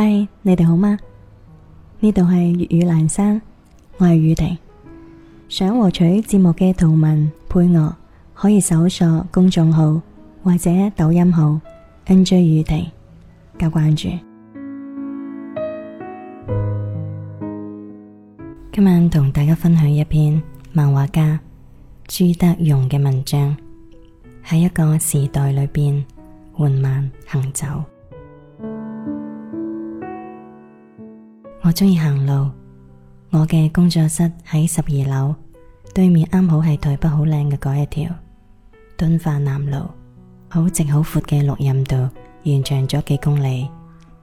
嗨，Hi, 你哋好嗎？呢度係粵語蘭山，我係宇婷。想獲取節目嘅圖文配樂，可以搜索公眾號或者抖音號 NJ 宇婷加關注。今晚同大家分享一篇漫畫家朱德庸嘅文章，喺一個時代裏邊緩慢行走。我鍾意行路，我嘅工作室喺十二樓，對面啱好係台北好靚嘅嗰一條敦化南路，好直好闊嘅綠蔭道，延長咗幾公里，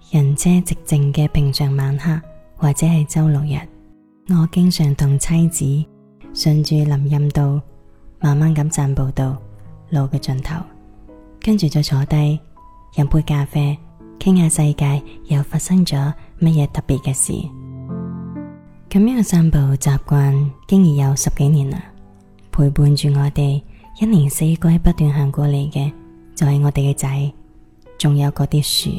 人車寂靜嘅平常晚黑或者係週六日，我經常同妻子順住林蔭道慢慢咁散步到路嘅盡頭，跟住再坐低飲杯咖啡，傾下世界又發生咗乜嘢特別嘅事？咁樣嘅散步習慣，經已有十幾年啦，陪伴住我哋一年四季不斷行過嚟嘅，就係、是、我哋嘅仔，仲有嗰啲樹。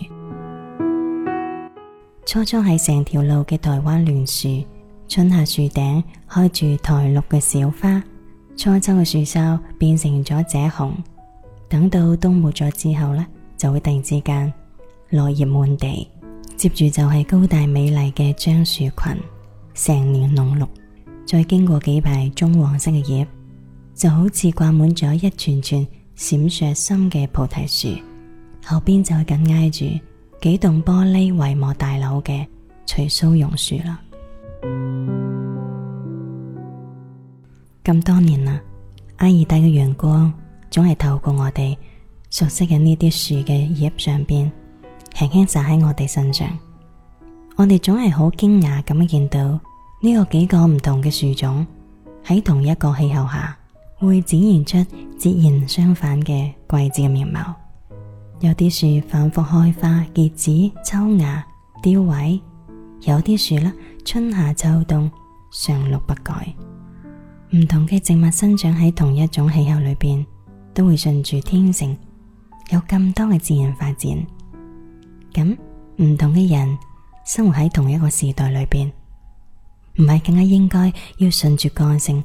初初喺成條路嘅台灣欒樹，春夏樹頂開住苔綠嘅小花，初秋嘅樹梢變成咗赭紅，等到冬末咗之後呢，就會突然之間落葉滿地。接住就係高大美麗嘅樟樹群，成年濃綠，再經過幾排棕黃色嘅葉，就好似掛滿咗一串串閃爍心嘅菩提樹。後邊就緊挨住幾棟玻璃帷幕大樓嘅垂鬚榕樹啦。咁、嗯、多年啦，亞熱帶嘅陽光總係透過我哋熟悉嘅呢啲樹嘅葉上邊。輕輕灑喺我哋身上，我哋總係好驚訝咁見到呢個幾個唔同嘅樹種喺同一個氣候下會展現出截然相反嘅季節嘅面貌。有啲樹反覆開花、結子、抽芽、凋萎；有啲樹啦，春夏秋冬常綠不改。唔同嘅植物生長喺同一種氣候裏邊，都會順住天性有咁多嘅自然發展。咁唔同嘅人生活喺同一個時代裏邊，唔係更加應該要順住個性，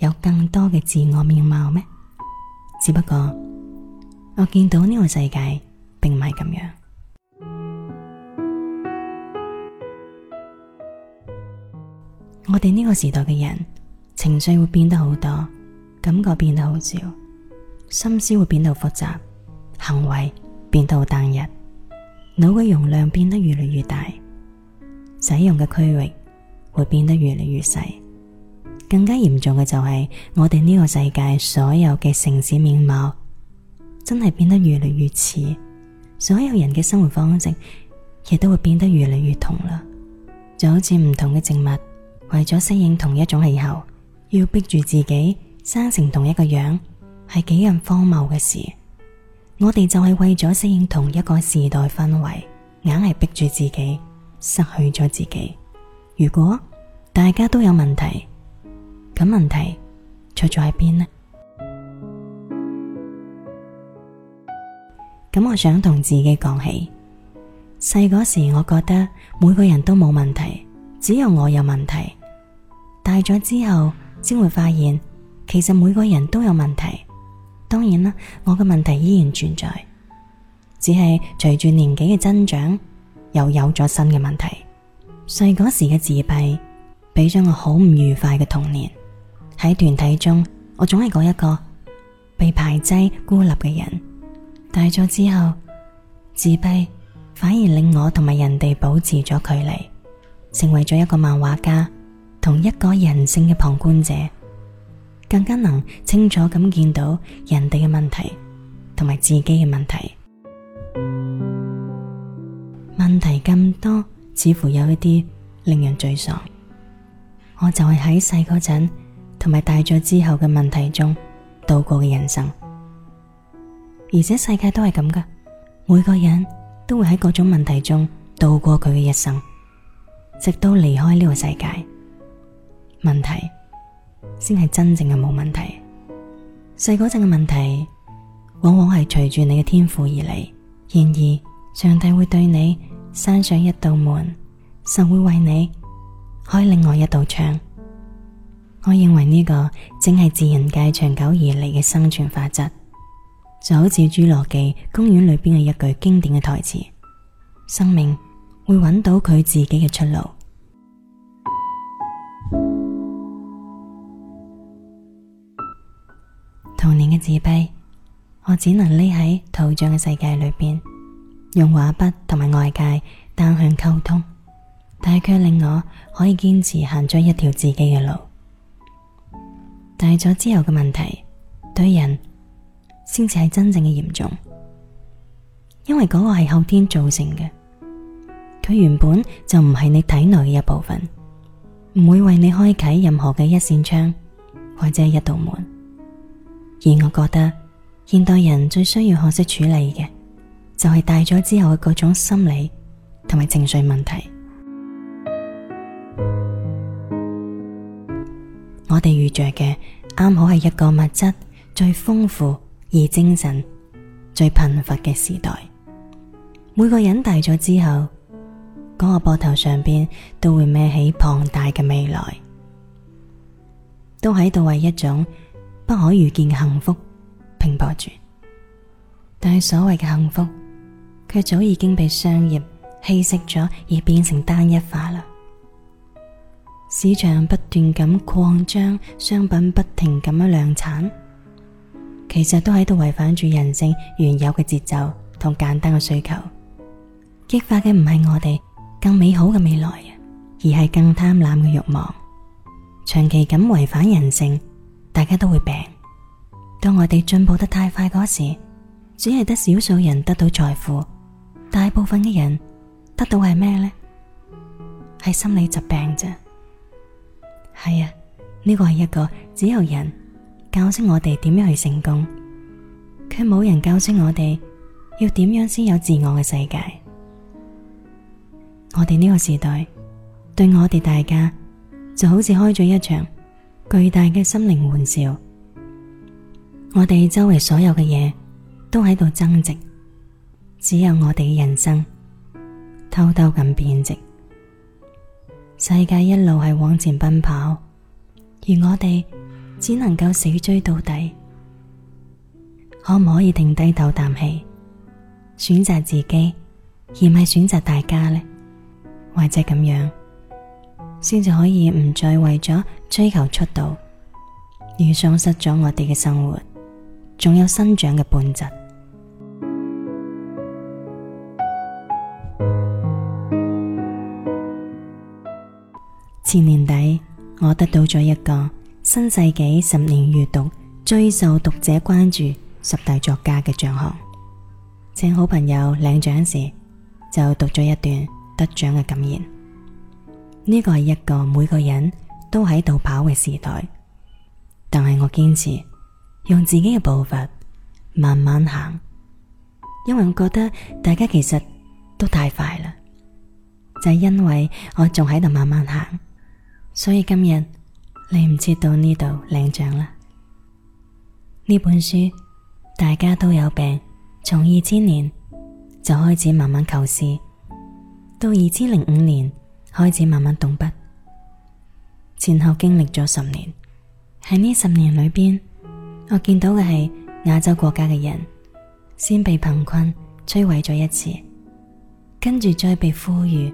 有更多嘅自我面貌咩？只不過我見到呢個世界並唔係咁樣。我哋呢個時代嘅人情緒會變得好多，感覺變得好少，心思會變到複雜，行為變到好單一。腦嘅容量變得越嚟越大，使用嘅區域會變得越嚟越細。更加嚴重嘅就係我哋呢個世界所有嘅城市面貌真係變得越嚟越似，所有人嘅生活方式亦都會變得越嚟越同啦。就好似唔同嘅植物為咗適應同一種氣候，要逼住自己生成同一個樣，係幾咁荒謬嘅事。我哋就係為咗適應同一個時代氛圍，硬係逼住自己，失去咗自己。如果大家都有問題，咁問題出咗喺邊呢？咁我想同自己講起，細嗰時我覺得每個人都冇問題，只有我有問題。大咗之後，先會發現其實每個人都有問題。當然啦，我嘅問題依然存在，只係隨住年紀嘅增長，又有咗新嘅問題。細嗰時嘅自閉，俾咗我好唔愉快嘅童年。喺團體中，我總係嗰一個被排擠、孤立嘅人。大咗之後，自閉反而令我同埋人哋保持咗距離，成為咗一個漫畫家，同一個人性嘅旁觀者。更加能清楚咁見到人哋嘅問題同埋自己嘅問題，問題咁多，似乎有一啲令人沮喪。我就係喺細嗰陣同埋大咗之後嘅問題中度過嘅人生，而且世界都係咁噶每個人都會喺各種問題中度過佢嘅一生，直到離開呢個世界。問題，先係真正嘅冇問題。細嗰陣嘅問題，往往係隨住你嘅天賦而嚟。然而，上帝會對你閂上一道門，神會為你開另外一道窗。我認為呢個正係自然界長久而嚟嘅生存法則。就好似侏羅紀公園裏邊嘅一句經典嘅台詞：「生命會揾到佢自己嘅出路。」童年嘅自閉，我只能匿喺圖像嘅世界裏邊，用畫筆同埋外界單向溝通，但係卻令我可以堅持行出一條自己嘅路。大咗之後嘅問題，對人先至係真正嘅嚴重，因為嗰個係後天造成嘅，佢原本就唔係你體內嘅一部分，唔會為你開啟任何嘅一扇窗或者係一道門。而我覺得，現代人最需要學識處理嘅，就係大咗之後嘅各種心理同埋情緒問題。我哋遇着嘅啱好係一個物質最豐富而精神最貧乏嘅時代。每個人大咗之後，嗰個膊頭上邊都會孭起龐大嘅未來，都喺度為一種不可預見嘅幸福，拼搏住，但係所謂嘅幸福，卻早已經被商業稀釋咗，而變成單一化啦。市場不斷咁擴張，商品不停咁樣量產，其實都喺度違反住人性原有嘅節奏同簡單嘅需求，激發嘅唔係我哋更美好嘅未來，而係更貪婪嘅欲望。長期咁違反人性。大家都會病。當我哋進步得太快嗰時，只係得少數人得到財富。大部分嘅人得到係咩呢？係心理疾病啫。係啊，呢個係一個只有人教識我哋點樣去成功，卻冇人教識我哋要點樣先有自我嘅世界。我哋呢個時代，對我哋大家就好似開咗一場。巨大嘅心靈玩笑，我哋周圍所有嘅嘢都喺度增值，只有我哋嘅人生偷偷咁貶值。世界一路係往前奔跑，而我哋只能夠死追到底。可唔可以停低抖啖氣，選擇自己，而唔係選擇大家呢？或者咁樣，先至可以唔再為咗。追求速度，而喪失咗我哋嘅生活，仲有生長嘅本質。前年底，我得到咗一個新世紀十年閱讀最受讀者關注十大作家嘅獎項。請好朋友領獎時，就讀咗一段得獎嘅感言。呢個係一個每個人。都喺度跑嘅時代，但係我堅持用自己嘅步伐慢慢行，因為我覺得大家其實都太快啦，就係、是、因為我仲喺度慢慢行，所以今日你唔切到呢度領獎啦。呢本書大家都有病，從二千年就開始慢慢構思，到二千零五年開始慢慢動筆。前後經歷咗十年，喺呢十年裏邊，我見到嘅係亞洲國家嘅人先被貧困摧毀咗一次，跟住再被富裕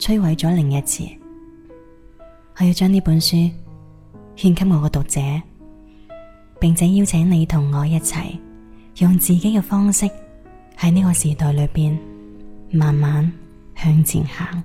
摧毀咗另一次。我要將呢本書獻給我嘅讀者，並且邀請你同我一齊，用自己嘅方式喺呢個時代裏邊慢慢向前行。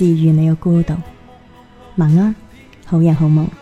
治癒你嘅孤獨，晚安啊，好人好夢。